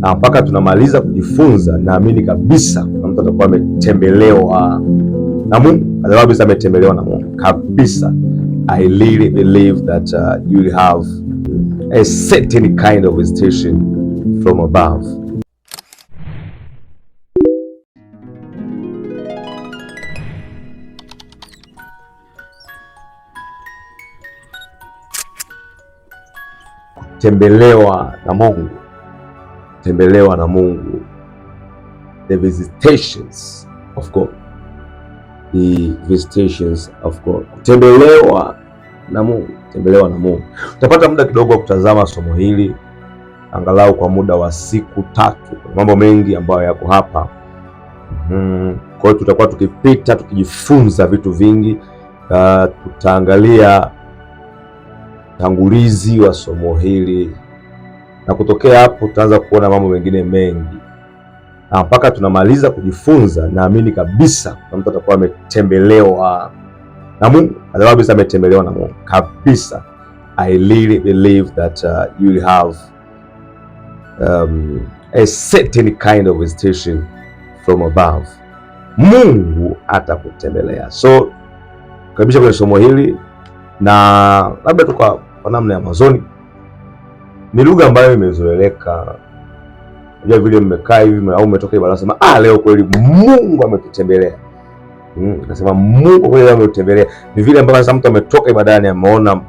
na mpaka tunamaliza kujifunza, naamini kabisa na mtu atakuwa ametembelewa na Mungu, atakuwa kabisa ametembelewa na Mungu kabisa. I really believe that uh, you have a certain kind of visitation from above. Tembelewa na Mungu tembelewa na Mungu, the visitations of God, the visitations of God, kutembelewa na Mungu, tembelewa na Mungu. Utapata muda kidogo wa kutazama somo hili angalau kwa muda wa siku tatu. Mambo mengi ambayo yako hapa mm. Kwa hiyo tutakuwa tukipita tukijifunza vitu vingi. Uh, tutaangalia tangulizi wa somo hili na kutokea hapo tutaanza kuona mambo mengine mengi na mpaka tunamaliza kujifunza, naamini kabisa na mtu atakuwa ametembelewa na Mungu, atakuwa kabisa ametembelewa na Mungu kabisa. I really believe that uh, you have um, a certain kind of visitation from above. Mungu atakutembelea. So kabisa kwenye somo hili na labda tu kwa namna ya mwanzoni ni lugha ambayo imezoeleka. Unajua vile mmekaa hivi au umetoka ibada unasema ah, leo kweli Mungu ametutembelea. Mm, nasema Mungu kweli ametutembelea. Ni vile ambavyo sasa mtu ametoka ibadani ameona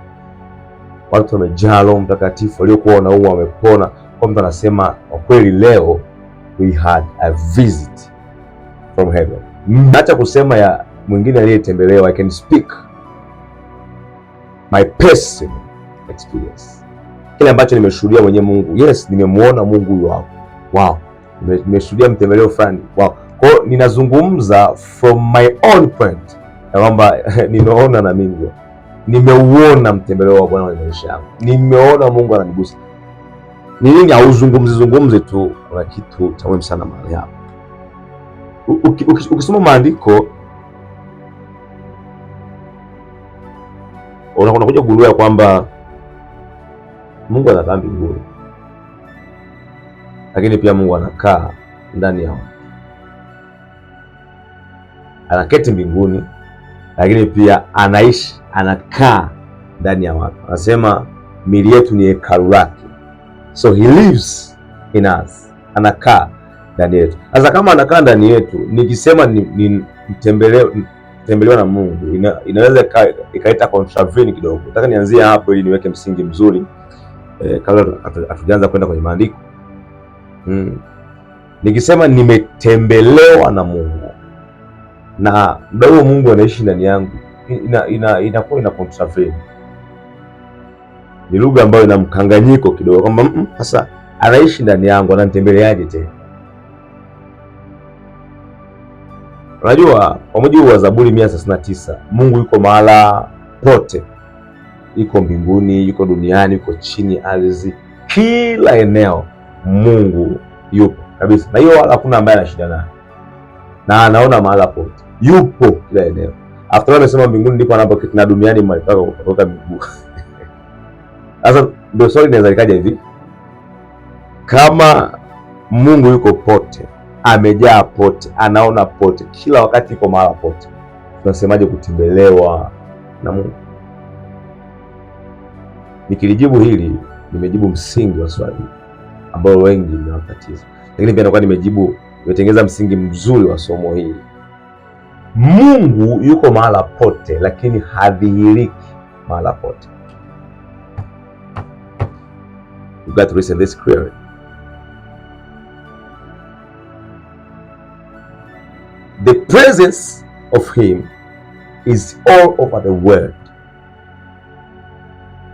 watu wamejaa Roho Mtakatifu waliokuwa wanaumwa wamepona, kwa mtu anasema kwa kweli leo we had a visit from heaven. Mm, Hata kusema ya mwingine aliyetembelewa, I can speak my personal experience kile ambacho nimeshuhudia mwenyewe Mungu. Yes, nimemuona Mungu huyo hapo. Wow. Nimeshuhudia mtembeleo fulani. Wow. Kwa hiyo ninazungumza from my own point. Na kwamba nimeona na mimi. Nimeuona mtembeleo wa Bwana kwenye maisha yangu. Nimeona Mungu ananigusa. Ni nini hauzungumzi zungumzi tu, kuna kitu cha muhimu sana mahali hapo. Ukisoma maandiko unakuja ya kwamba Mungu anakaa mbinguni, lakini pia Mungu anakaa ndani ya watu. Anaketi mbinguni, lakini pia anaishi, anakaa ndani ya watu. Anasema mili yetu ni hekalu lake, so he lives in us, anakaa ndani yetu. Sasa kama anakaa ndani yetu, nikisema nitembelewa tembelewa na Mungu ina, inaweza ikaita contravene kidogo. Nataka nianzie hapo ili niweke msingi mzuri eh, kabla hatujaanza kwenda kwenye maandiko mm. Nikisema nimetembelewa na Mungu na muda huo Mungu anaishi ndani yangu, inakuwa ina, ina, ina Ni lugha ambayo ina mkanganyiko kidogo, kwamba sasa anaishi ndani yangu, ananitembeleaje tena? Unajua, kwa mujibu wa Zaburi mia tisa Mungu yuko mahala pote yuko mbinguni, yuko duniani, yuko chini ardhi, kila eneo Mungu yupo kabisa, na hiyo wala hakuna ambaye ana shida na anaona mahala pote, yupo kila eneo. After amesema mbinguni ndipo anapoketi na duniani mahali pako kutoka miguu. Sasa ndio swali linaweza likaja hivi, kama Mungu yuko pote, amejaa pote, anaona pote, kila wakati yuko mahala pote, tunasemaje kutembelewa na Mungu? Nikilijibu hili nimejibu msingi wa swali ambao wengi mnawatatiza, lakini pia nakuwa nimejibu, nimetengeneza msingi mzuri wa somo hili. Mungu yuko mahala pote, lakini hadhihiriki mahala pote. You got to listen this clearly. The presence of him is all over the world.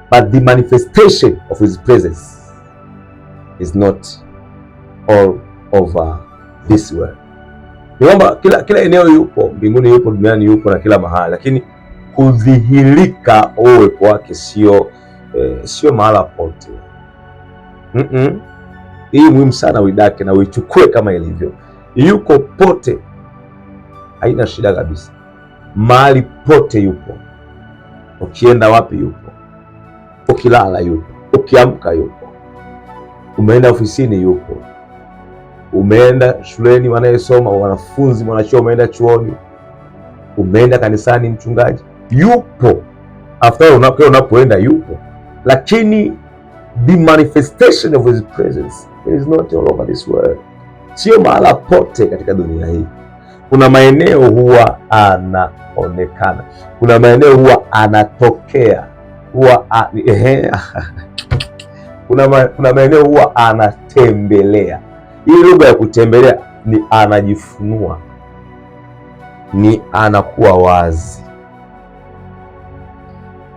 But the manifestation of his presence is not all over this world. Niomba kila kila eneo yupo mbinguni, yupo duniani, yupo na kila mahali, lakini kudhihirika uwepo wake sio eh, sio mahala pote. mm -mm. Hii muhimu sana uidake na uichukue kama ilivyo, yuko pote, haina shida kabisa, mahali pote yupo, ukienda wapi yupo Ukilala yupo, ukiamka yupo, umeenda ofisini yupo, umeenda shuleni, wanayesoma wanafunzi, mwanachuo umeenda chuoni, umeenda kanisani, mchungaji yupo, after unapoenda unapoenda yupo, lakini the manifestation of his presence it is not all over this world, sio mahala pote katika dunia hii. Kuna maeneo huwa anaonekana, kuna maeneo huwa anatokea huwa kuna, maeneo huwa anatembelea. Hii lugha ya kutembelea ni anajifunua, ni anakuwa wazi.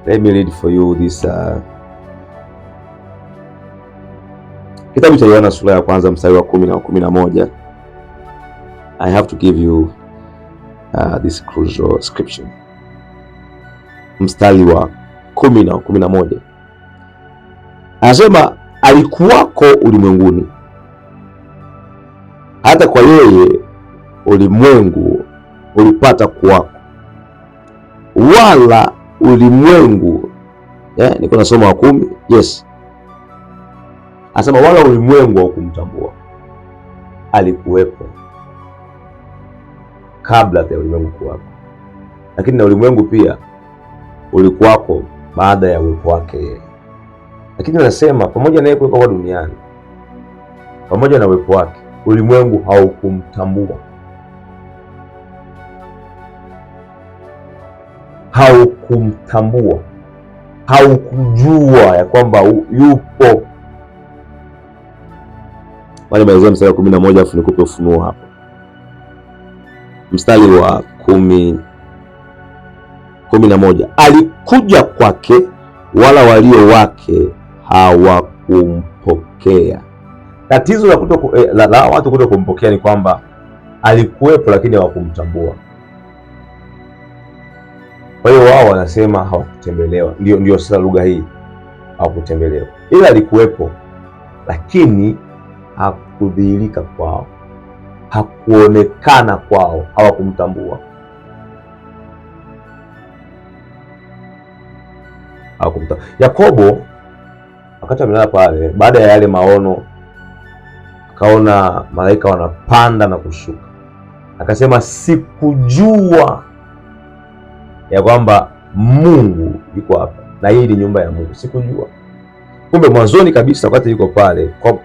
Let me read for you this uh... Kitabu cha Yohana sura ya kwanza mstari wa kumi na wa kumi na moja. I have to give you uh, this crucial scripture. Mstari wa kumi na kumi na moja anasema alikuwako ulimwenguni, hata kwa yeye ulimwengu ulipata kuwako, wala ulimwengu eh, niko nasoma wa kumi. Yes, anasema wala ulimwengu haukumtambua, alikuwepo kabla ya ulimwengu kuwako, lakini na ulimwengu pia ulikuwako baada ya uwepo wake yeye. Lakini anasema pamoja na yeye kuwepo kwa duniani, pamoja na uwepo wake, ulimwengu haukumtambua, haukumtambua, haukujua ya kwamba yupo. Pale Mwanzo mstari wa kumi na moja afu nikupe ufunuo hapo, mstari wa kumi kumi na moja alikuja kwake, wala walio wake hawakumpokea. Tatizo la, kuto, eh, la, la watu kuto kumpokea ni kwamba alikuwepo lakini hawakumtambua. Kwa hiyo wao wanasema hawakutembelewa. Ndio, ndio sasa lugha hii hawakutembelewa, ila alikuwepo lakini hakudhihirika kwao, hakuonekana kwao, hawakumtambua. hakumta. Yakobo wakati amelala pale, baada ya yale maono, akaona malaika wanapanda na kushuka, akasema sikujua ya kwamba Mungu yuko hapa na hii ni nyumba ya Mungu, sikujua. Kumbe mwanzoni kabisa wakati yuko pale, kwa,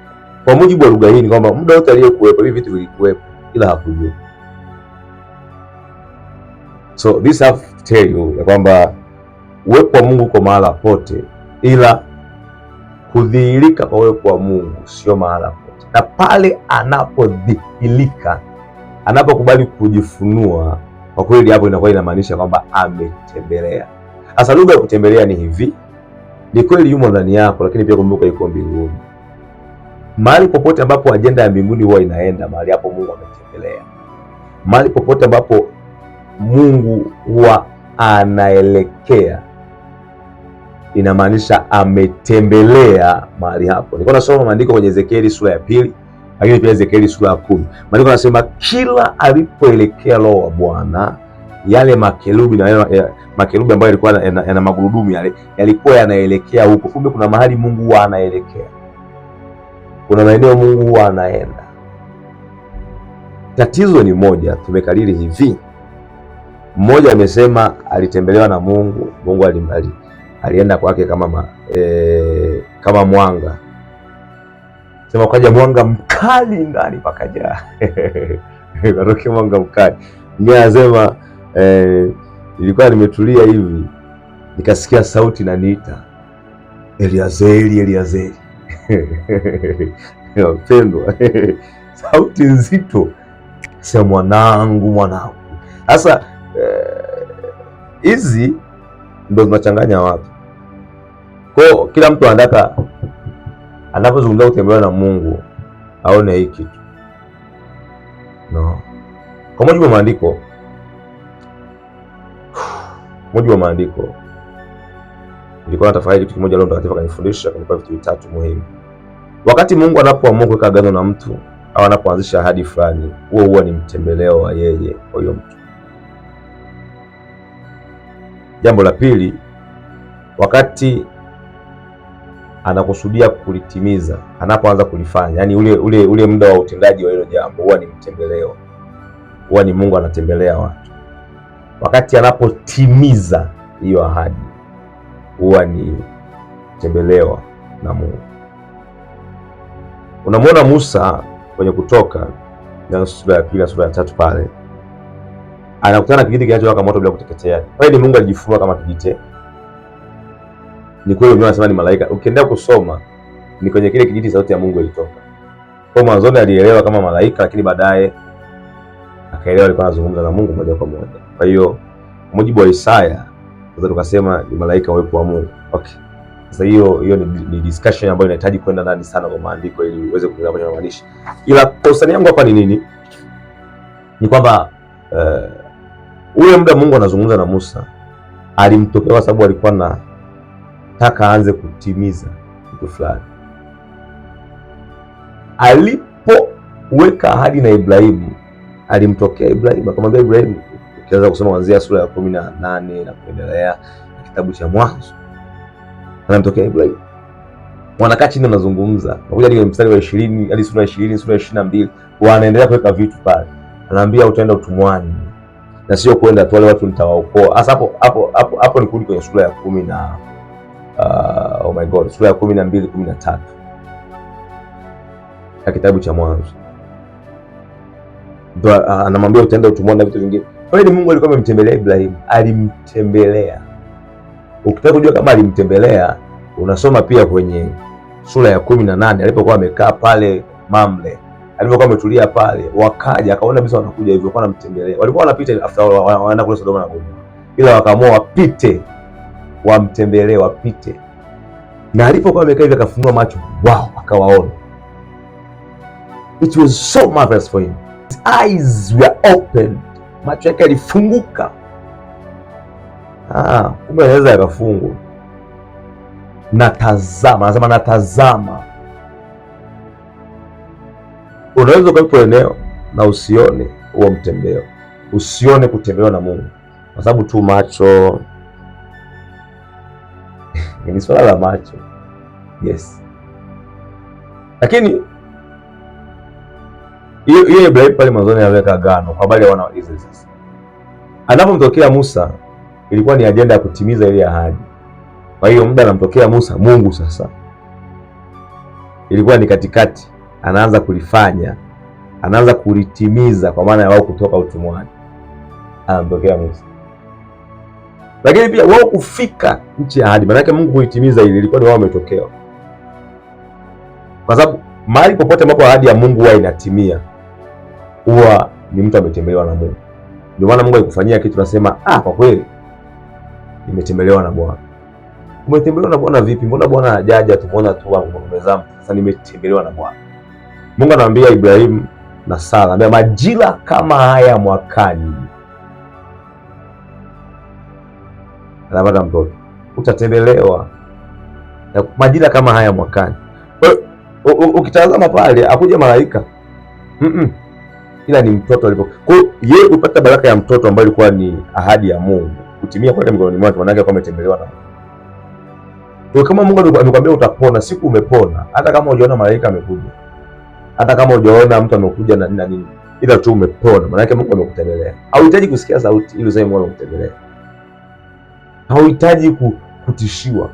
kwa mujibu wa lugha hii ni kwamba muda wote aliyokuwepo hivi vitu vilikuwepo, ila hakujua. So this have to tell you ya kwamba uwepo wa Mungu kwa mahala pote, ila kudhihirika kwa uwepo wa Mungu sio mahala pote, na pale anapodhihirika, anapokubali kujifunua, kwa kweli hapo inakuwa inamaanisha kwamba ametembelea. Sasa lugha ya kutembelea ni hivi, ni kweli yumo ndani yako, lakini pia kumbuka yuko mbinguni. Mahali popote ambapo ajenda ya mbinguni huwa inaenda, mahali hapo Mungu ametembelea. Mahali popote ambapo Mungu huwa anaelekea inamaanisha ametembelea mahali hapo. Nilikuwa nasoma maandiko kwenye Ezekieli sura ya pili, lakini pia Ezekieli sura ya kumi. Maandiko anasema kila alipoelekea Roho wa Bwana, yale makerubi na yale makerubi ambayo yalikuwa yana magurudumu yale yalikuwa yanaelekea huko. Kumbe kuna mahali Mungu huwa anaelekea, kuna maeneo Mungu huwa anaenda. Tatizo ni moja, tumekariri hivi. Mmoja amesema alitembelewa na Mungu, Mungu alimbariki alienda kwake kama ma, e, kama mwanga sema, ukaja mwanga mkali ndani pakaja ukatokea mwanga mkali. Mimi anasema e, ilikuwa nimetulia hivi nikasikia sauti naniita Eliazeli, Eliazeli wapendwa sauti nzito, sema mwanangu, mwanangu. Sasa e, hizi eh, ndo zinachanganya watu. Kwa hiyo kila mtu anataka anapozungumza kutembelewa na Mungu aone hii kitu no. Kwa mujibu wa maandiko, mujibu wa maandiko nilikuwa natafakari kitu kimoja, leo Mtakatifu akanifundisha kunipa vitu vitatu muhimu. Wakati Mungu anapoamua kuweka agano na mtu au anapoanzisha ahadi fulani, huo huwa ni mtembeleo wa yeye kwa hiyo mtu. Jambo la pili, wakati anakusudia kulitimiza anapoanza kulifanya, yani ule ule ule muda wa utendaji wa hilo jambo huwa ni mtembeleo, huwa ni Mungu anatembelea watu. Wakati anapotimiza hiyo ahadi, huwa ni tembelewa na Mungu. Unamwona Musa kwenye Kutoka sura ya pili na sura ya tatu pale, anakutana na kijiti kinachowaka moto bila kuteketea. Pale ni Mungu alijifunua kama kijiti ni kweli wengine anasema ni malaika. Ukiendelea kusoma ni kwenye kile kijiti sauti ya Mungu ilitoka. Kwa mwanzoni alielewa kama malaika, lakini baadaye akaelewa alikuwa anazungumza na Mungu moja kwa moja. Kwa hiyo mujibu wa Isaya sasa tukasema ni malaika wepo wa Mungu. Okay. Sasa hiyo hiyo ni, ni discussion ambayo inahitaji kwenda ndani sana kwa maandiko ili uweze kuelewa kwa kinachomaanisha. Ila kusani yangu hapa ni nini? Ni kwamba uh, ule muda Mungu anazungumza na Musa alimtokea kwa sababu alikuwa na anataka aanze kutimiza kitu fulani. Alipoweka ahadi na Ibrahimu, alimtokea Ibrahimu akamwambia Ibrahimu, ukianza kusoma kuanzia sura ya kumi na nane na kuendelea na kitabu cha Mwanzo, anamtokea Ibrahimu, wanakaa chini, wanazungumza, nakuja hadi mstari wa ishirini hadi sura ya ishirini sura ya ishirini na mbili wanaendelea kuweka vitu pale, anaambia utaenda utumwani na sio kwenda tu, wale watu nitawaokoa. Hasa hapo hapo hapo hapo ni kurudi kwenye sura ya kumi na uh, oh my God, sura ya kumi na mbili kumi na tatu ya kitabu cha Mwanzo ndo uh, anamwambia utaenda utumwani na vitu vingine. Kwa hiyo Mungu alikuwa amemtembelea Ibrahim, Alimtembelea. Ukitaka kujua kama alimtembelea, unasoma pia kwenye sura ya kumi na nane alipokuwa amekaa pale Mamre, alipokuwa ametulia pale, wakaja akaona bisa wanakuja hivyo, kwa namtembelea. Walikuwa wanapita after wanaenda kule Sodoma na Gomora, ila wakaamua wapite wamtembelee, wapite. Na alipokuwa amekaa hivi, akafunua macho wao, akawaona. It was so marvelous for him, his eyes were opened. macho yake yalifunguka. Ah, kumbe anaweza yakafungwa. Natazama, anasema natazama. Unaweza ukawepo eneo na usione huo mtembeo, usione kutembewa na Mungu kwa sababu tu macho ni swala la macho yes, lakini hiyo Ibrahimu pale mwanzoni aliweka agano habari ya wana wa Israeli. Sasa anapomtokea Musa ilikuwa ni ajenda ya kutimiza ile ahadi. Kwa hiyo muda anamtokea Musa Mungu sasa ilikuwa ni katikati, anaanza kulifanya, anaanza kulitimiza, kwa maana ya wao kutoka utumwani, anamtokea Musa lakini pia wao kufika nchi ya ahadi, maanake Mungu huitimiza ile, ilikuwa ni wao wametokewa, kwa sababu mahali popote ambapo ahadi ya Mungu huwa inatimia huwa ni mtu ametembelewa na Mungu. Ndio maana Mungu alikufanyia kitu, nasema ah, kwa kweli nimetembelewa na Bwana. Umetembelewa na Bwana vipi? Mbona Bwana hajaja, mbona tu ng'ombe zangu. Sasa nimetembelewa na Bwana. Mungu anamwambia Ibrahimu na Sara, anambia majira kama haya mwakani anapata mtoto, utatembelewa na majira kama haya mwakani. Kwa hiyo ukitazama pale akuja malaika mm -mm. ila ni mtoto alipo. Kwa hiyo yeye kupata baraka ya mtoto ambayo ilikuwa ni ahadi ya Mungu kutimia kwake mikononi mwake, maana yake kwa ametembelewa na Mungu. kwa kama Mungu amekwambia utapona, siku umepona, hata kama hujaona malaika amekuja, hata kama hujaona mtu amekuja na nini na nini, ila tu umepona, maana yake Mungu amekutembelea. Hauhitaji kusikia sauti ili useme Mungu amekutembelea hauhitaji kutishiwa,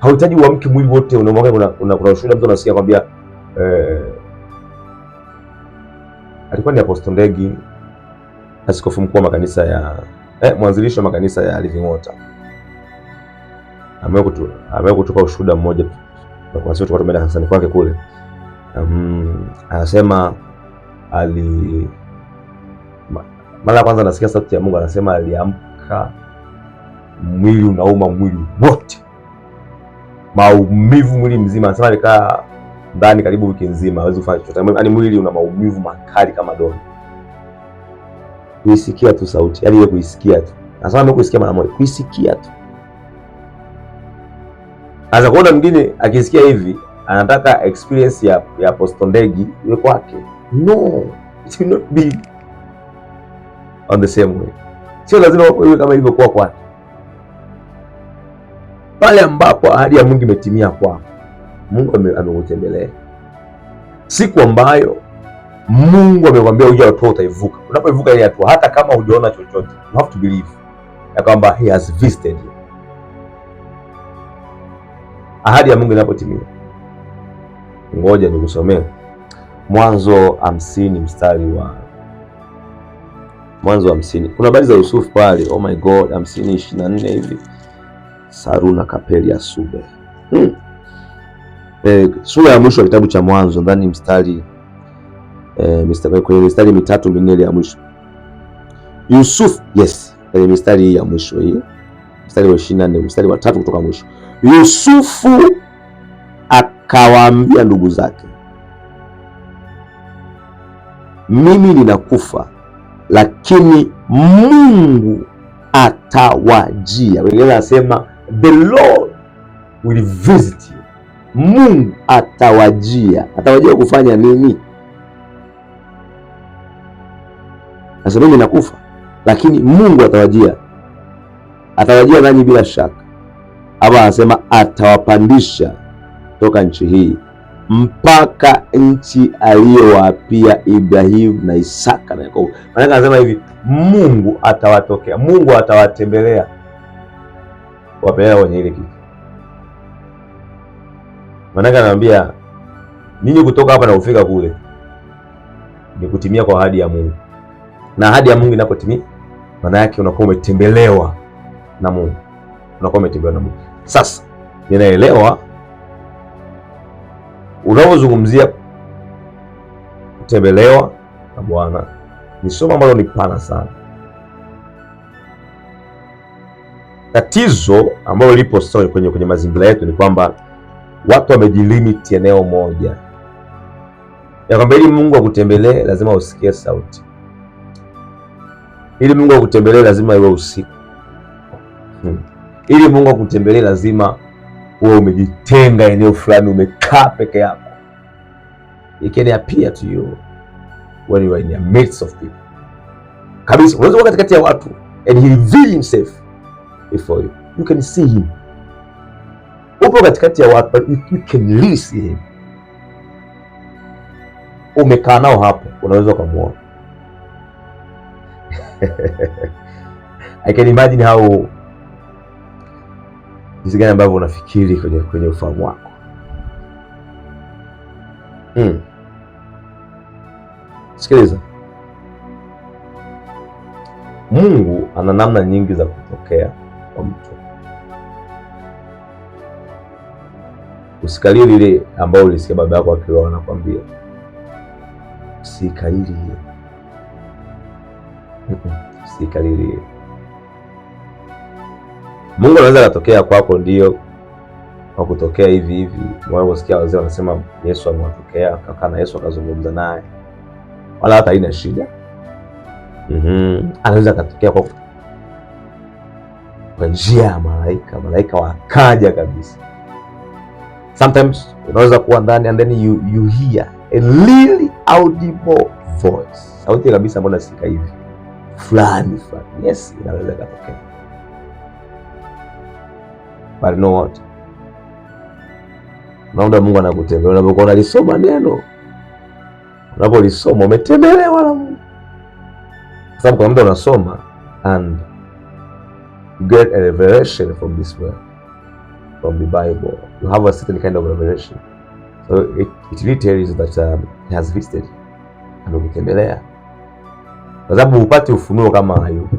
hauhitaji uamke mwili wote unamwaga. Kuna, kuna, kuna ushuhuda mtu anasikia kwambia eh, alikuwa ni Apostle Ndegi, askofu mkuu wa makanisa ya eh, mwanzilishi wa makanisa ya Living Water ameku kutupa ushuhuda mmoja tumeenda kanisani kwake kule. Um, anasema ali mara ya kwanza anasikia sauti ya Mungu, anasema aliamka mwili unauma mwili wote, maumivu mwili mzima. Anasema alikaa ndani karibu wiki nzima, hawezi kufanya chochote, yaani, yaani mwili una maumivu makali kama dola. Kuisikia tu sauti, yaani ile kuisikia tu, anasema kuisikia mara moja, kuisikia tu. Sasa kuona mwingine akisikia hivi anataka experience ya ya posto Ndegi iwe kwake. No, it will not be on the same way. Sio lazima iwe kama ilivyokuwa kwake pale ambapo ahadi ya Mungu imetimia kwako, Mungu amekutembelea. Siku ambayo Mungu amekwambia uje hatua, utaivuka. Unapoivuka ile hatua, hata kama hujaona chochote, you have to believe ya kwamba he has visited you. Ahadi ya Mungu inapotimia, ngoja nikusomee Mwanzo hamsini mstari wa Mwanzo hamsini. Kuna habari za Yusufu pale, oh my God, hamsini ishirini na nne hivi Saruna Kapelia Sube. Hmm. E, sura ya mwisho wa kitabu cha Mwanzo ndani mstari e, eh, mstari kwenye mistari mitatu minne ya mwisho Yusuf, yes, kwenye mistari hii ya mwisho hii, mstari wa 24, mstari wa tatu kutoka mwisho. Yusufu akawaambia ndugu zake, mimi ninakufa, lakini Mungu atawajia. Wengine anasema the Lord will visit you. Mungu atawajia. Atawajia kufanya nini? Nasema mimi nakufa, lakini Mungu atawajia. Atawajia nanyi bila shaka. Hapa anasema atawapandisha toka nchi hii mpaka nchi aliyowaapia Ibrahimu na Isaka na Yakobo. Maana anasema hivi, Mungu atawatokea, Mungu atawatembelea wamelala kwenye ile kitu. Maanake anamwambia ninyi kutoka hapa na kufika kule ni kutimia kwa ahadi ya Mungu, na ahadi ya Mungu inapotimia, maana yake unakuwa umetembelewa na Mungu, unakuwa umetembelewa na Mungu. Sasa ninaelewa unapozungumzia kutembelewa na Bwana ni somo ambalo ni pana sana. Tatizo ambalo lipo sasa kwenye, kwenye mazingira yetu ni kwamba watu wamejilimiti eneo moja, ya kwamba ili Mungu akutembelee lazima usikie sauti, ili Mungu akutembelee lazima iwe usiku hmm. Ili Mungu akutembelee lazima uwe umejitenga eneo fulani, umekaa peke yako. It can appear to you when you are in the midst of people kabisa. Unaweza kuwa katikati ya watu and he reveal himself before you. You can see him. Upo katikati ya watu, but you, can really see him. Umekaa nao hapo, unaweza ukamwona. I can imagine how jinsi gani ambavyo unafikiri kwenye kwenye ufahamu wako mm. Sikiliza, Mungu ana namna nyingi za kutokea kwa mtu. Usikalili ile ambayo ulisikia baba yako akiwa anakwambia, usikalili hiyo, usikalili hiyo. Mungu anaweza akatokea kwako, ndio kwa kutokea hivi hivi. Unaposikia wazee wanasema Yesu amewatokea, kakaa na Yesu akazungumza naye, wala hata haina shida. mm -hmm. anaweza akatokea kwako kwa njia ya malaika, malaika wakaja kabisa. Sometimes unaweza kuwa ndani and then you, you hear a really audible voice, sauti kabisa ambayo nasikika hivi fulani fulani. Yes, inaweza ikatokea, but you know what, naomba Mungu anakutembea unapokuwa unalisoma neno, unapolisoma umetembelewa na Mungu, kwa sababu kuna mtu anasoma and get a revelation from this word, from the Bible. You have a certain kind of revelation. So it, it really tells you that um, he has visited and umtembelea, kwa sababu hupati ufunuo kama hayupo.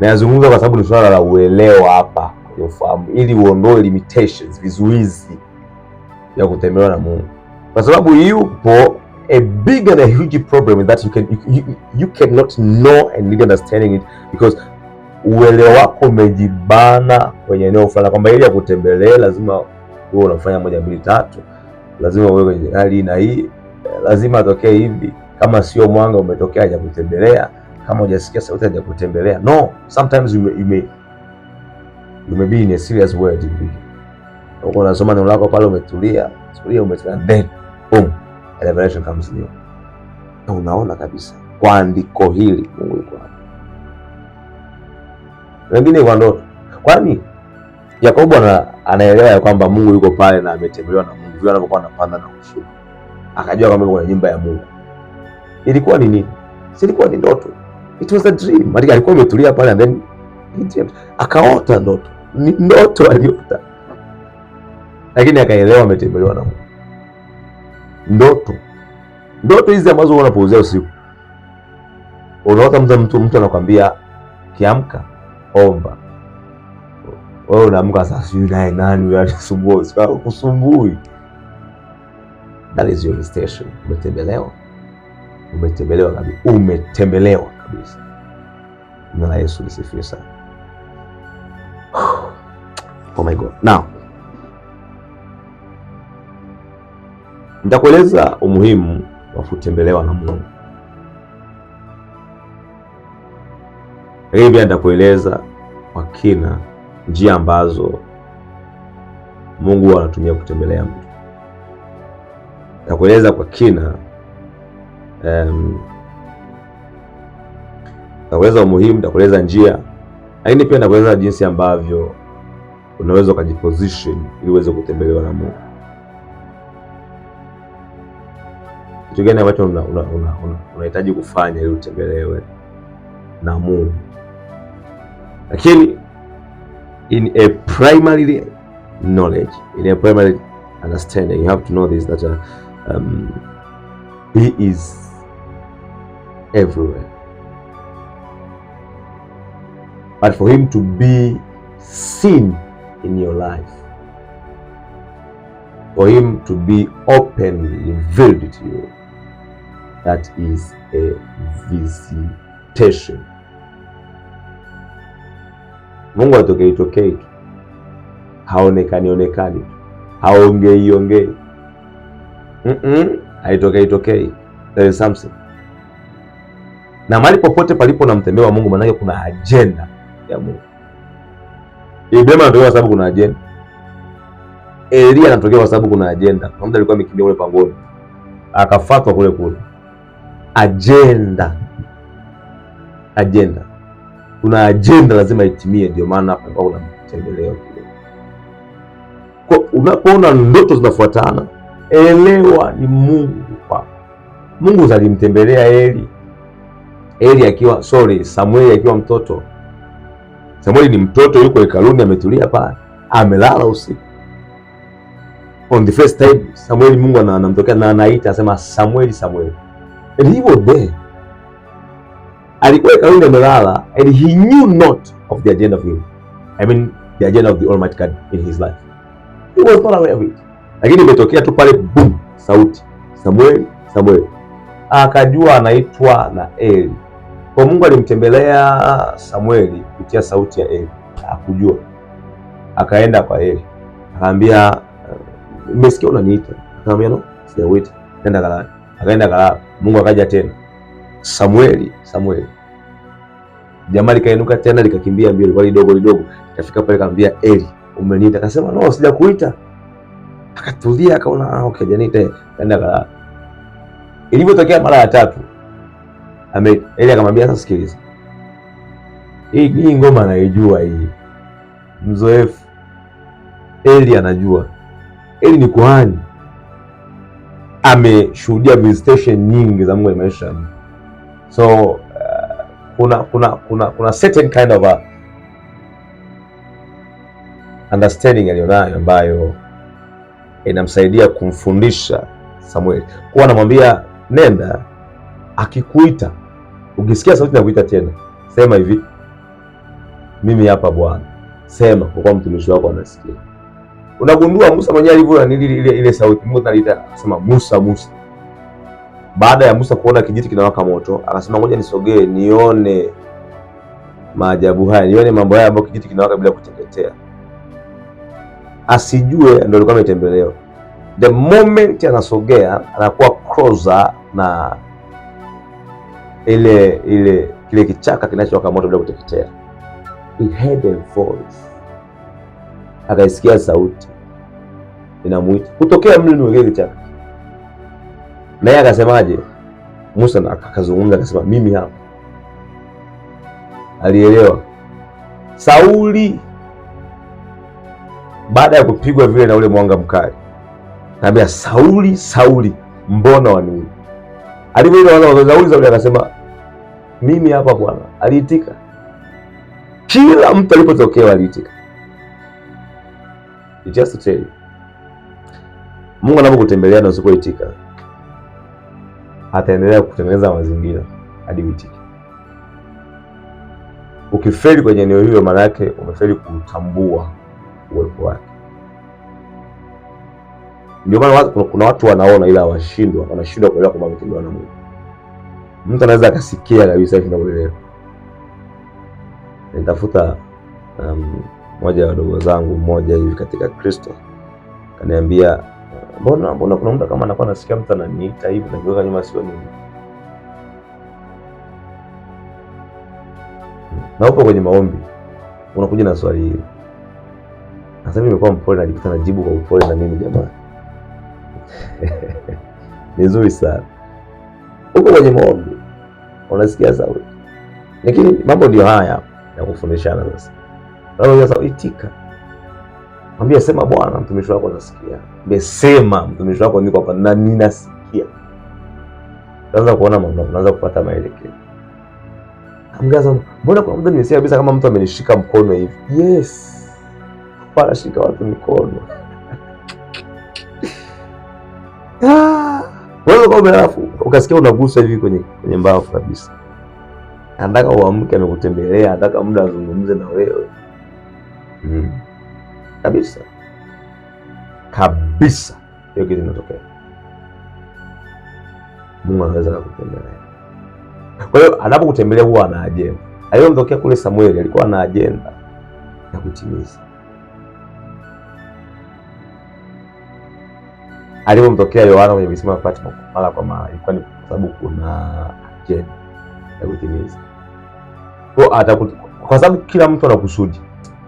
Nayazungumza kwa sababu ni swala la uelewa hapa kwenye ufahamu, ili uondoe limitations, vizuizi ya kutembelewa na Mungu, kwa sababu yupo a big and a huge problem is that you can you, you cannot know and need understanding it because uelewa wako umejibana kwenye eneo fulani, kwamba ili akutembelee lazima uwe unafanya moja mbili tatu, lazima uwe kwenye hali na hii, lazima atokee hivi. Kama sio mwanga umetokea hajakutembelea, kama hujasikia sauti hajakutembelea. No, sometimes you may, you may, you may be in a serious word, uko unasoma neno lako pale, umetulia suria, umetulia then boom, revelation comes new, na unaona kabisa kwa andiko hili Mungu yuko wengine kwa ndoto. Kwani Yakobo anaelewa ya kwamba Mungu yuko pale na ametembelewa na Mungu, vile anavyokuwa anapanda na kushuka, akajua kwamba kwenye nyumba ya Mungu. Ilikuwa ni nini? Silikuwa ni ndoto, it was a dream. Maana alikuwa ametulia pale and then he dreamt, akaota ndoto. Ni ndoto aliota, lakini akaelewa ametembelewa na Mungu. Ndoto, ndoto hizi ambazo unapouzia usiku, unaota mtu mtu anakwambia kiamka omba. Wewe unaamka saa sijui naye nani asubuhi, usiku, kusumbui. That is your station. Umetembelewa, umetembelewa kabisa, umetembelewa kabisa. Jina la Yesu lisifiwe sana. Oh my God. Now nitakueleza umuhimu wa kutembelewa na Mungu. Lakini pia nitakueleza kwa kina njia ambazo Mungu anatumia kutembelea mtu. Nitakueleza kwa kina um, nitakueleza umuhimu, nitakueleza njia, lakini pia nitakueleza jinsi ambavyo unaweza ukajiposition ili uweze kutembelewa na Mungu. Kitu gani ambacho unahitaji una, una, una kufanya ili utembelewe na Mungu? lakini in a primary knowledge, in a primary understanding you have to know this that uh, um, he is everywhere but for him to be seen in your life for him to be openly revealed to you that is a visitation Mungu atokei tokei tu, haonekani onekani tu, haongei ongei, -mm, haitokei tokei. There is something na mahali popote palipo na mtembeo wa Mungu, maanake kuna ajenda ya Mungu. Ibrahimu anatokea kwa sababu kuna ajenda. Elia anatokea kwa sababu kuna ajenda. Kuna mtu alikuwa amekimbia kule pangoni akafatwa kule kule, ajenda ajenda kuna ajenda lazima itimie, ndio maana hapa unamtembelea kwa. Unapoona ndoto zinafuatana, elewa ni Mungu kwa Mungu alimtembelea Eli, Eli akiwa sorry, Samueli akiwa mtoto. Samueli ni mtoto, yuko hekaluni ametulia pale, amelala usiku. On the first time Samueli, Mungu anamtokea na anaita, anasema Samueli, Samueli, and he was there alikuwa kawaida amelala, and he knew not of the agenda of him, I mean the agenda of the Almighty God in his life, he was not aware of it, lakini imetokea tu pale, boom, sauti Samuel, Samuel akajua anaitwa na Eli. Kwa Mungu alimtembelea Samueli kupitia sauti ya Eli, akujua akaenda kwa Eli akaambia, uh, umesikia unaniita. Akamwambia no, sijakuita, nenda kalala. Akaenda kalala. Mungu akaja tena, Samueli, Samueli Jamaa likainuka tena likakimbia mbio, lilikuwa lidogo lidogo, kafika pale kaambia Eli, umeniita? Akasema no, sijakuita. Akatulia akaona ah, okay, janite kaenda kala. Ilivyotokea mara ya tatu ame Eli akamwambia sasa, sikiliza hii hii ngoma anaijua hii, mzoefu Eli anajua. Eli ni kuhani, ameshuhudia visitation nyingi za Mungu maisha, so kuna kuna kuna kuna certain kind of a understanding aliyonayo ambayo inamsaidia kumfundisha Samuel kuwa anamwambia nenda, akikuita ukisikia sauti nakuita tena, sema hivi, mimi hapa Bwana, sema kwa kuwa mtumishi wako anasikia. Unagundua Musa mwenyewe alivyo ile ile sauti Mungu analiita, sema Musa, Musa baada ya Musa kuona kijiti kinawaka moto, akasema ngoja nisogee nione maajabu haya, nione mambo haya ambayo kijiti kinawaka bila kuteketea. Asijue ndio alikuwa ametembelewa. The moment anasogea anakuwa closer na ile ile kile kichaka kinachowaka moto bila kuteketea. He heard a voice, akaisikia sauti inamwita kutokea mle, niwekee kichaka naye akasemaje? Musa akazungumza akasema, mimi hapa. Alielewa. Sauli baada ya kupigwa vile na ule mwanga mkali, naambia Sauli, Sauli, mbona waniua? Alivyoona Sauli, Sauli akasema mimi hapa Bwana. Aliitika. Kila mtu alipotokea aliitika. Just to tell you. Mungu anapokutembelea na usipoitika ataendelea kutengeneza mazingira hadi uitike. Ukifeli kwenye eneo hilo, maana yake umefeli kutambua uwepo wake. Ndio maana kuna watu wanaona ila washindwa, wanashindwa kuelewa kwamba wametembelewa na Mungu. Mtu anaweza akasikia kabisa hivi na kuelewa. Nitafuta um, moja ya wadogo zangu mmoja hivi katika Kristo kaniambia mbona mbona kuna muda kama anakuwa nasikia mtu ananiita hivi, najiweka nyuma, sio nini? Na upo kwenye maombi unakuja na swali hili. Sasa mimi nimekuwa mpole, najikuta najibu kwa upole na mimi jamani. Ni nzuri sana, uko kwenye maombi unasikia sauti, lakini mambo ndio haya ya kufundishana sasa. sauti tika Mwambie sema, Bwana mtumishi wako nasikia. Mwambie sema, mtumishi wako niko hapa na ninasikia. Utaanza kuona mambo, unaanza kupata maelekezo. Amgaza, mbona kwa mtu nimesikia kabisa kama mtu amenishika mkono hivi. Yes. Hapana, shika watu mikono. Ah, wewe kwa mlafu ukasikia unagusa hivi kwenye kwenye mbavu kabisa. Anataka uamke, amekutembelea, anataka muda azungumze na wewe. Mm kabisa kabisa, hiyo kitu inatokea. Mungu anaweza kukutembelea. Kwa hiyo anapokutembelea huwa ana ajenda. Aliyomtokea kule Samueli alikuwa ana ajenda ya kutimiza. aliyomtokea Yohana kwenye visima vya Patmos mara kwa mara ilikuwa ni kwa sababu kuna ajenda ya kutimiza. Kwa sababu kila mtu anakusudi,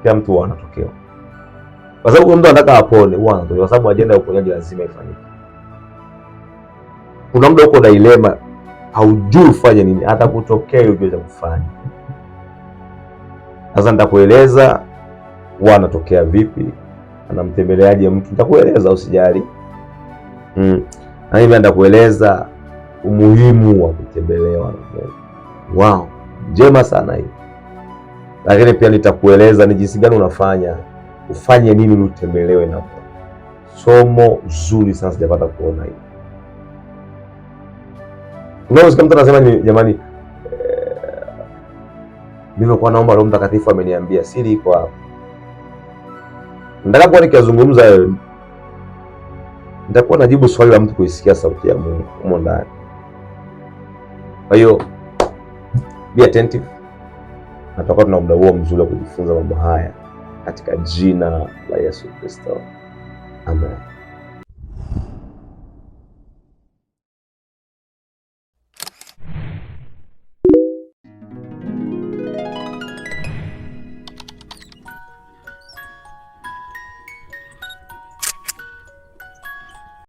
kila mtu anatokea kwa sababu mtu anataka apone mwanzo, kwa sababu ajenda ya uponyaji lazima ifanyike. Kuna muda uko dilema, haujui ufanye nini, hata kutokea hiyo cha kufanya. Sasa nitakueleza huwa anatokea vipi, anamtembeleaje mtu, nitakueleza usijali. Mm. Na mimi nitakueleza umuhimu wa kutembelewa na Mungu. Wow, njema sana hii. Lakini pia nitakueleza ni jinsi gani unafanya ufanye nini ili utembelewe na Mungu. Somo zuri sana, sijapata kuona hii. Unaweza mtu anasema jamani, eh, nilivyokuwa naomba Roho Mtakatifu ameniambia siri iko hapa. Nitakapokuwa nikizungumza wewe, nitakuwa najibu swali la mtu kuisikia sauti ya Mungu humo ndani. Kwa hiyo be attentive, natakuwa tuna muda huo mzuri wa kujifunza mambo haya katika jina la Yesu Kristo, amen.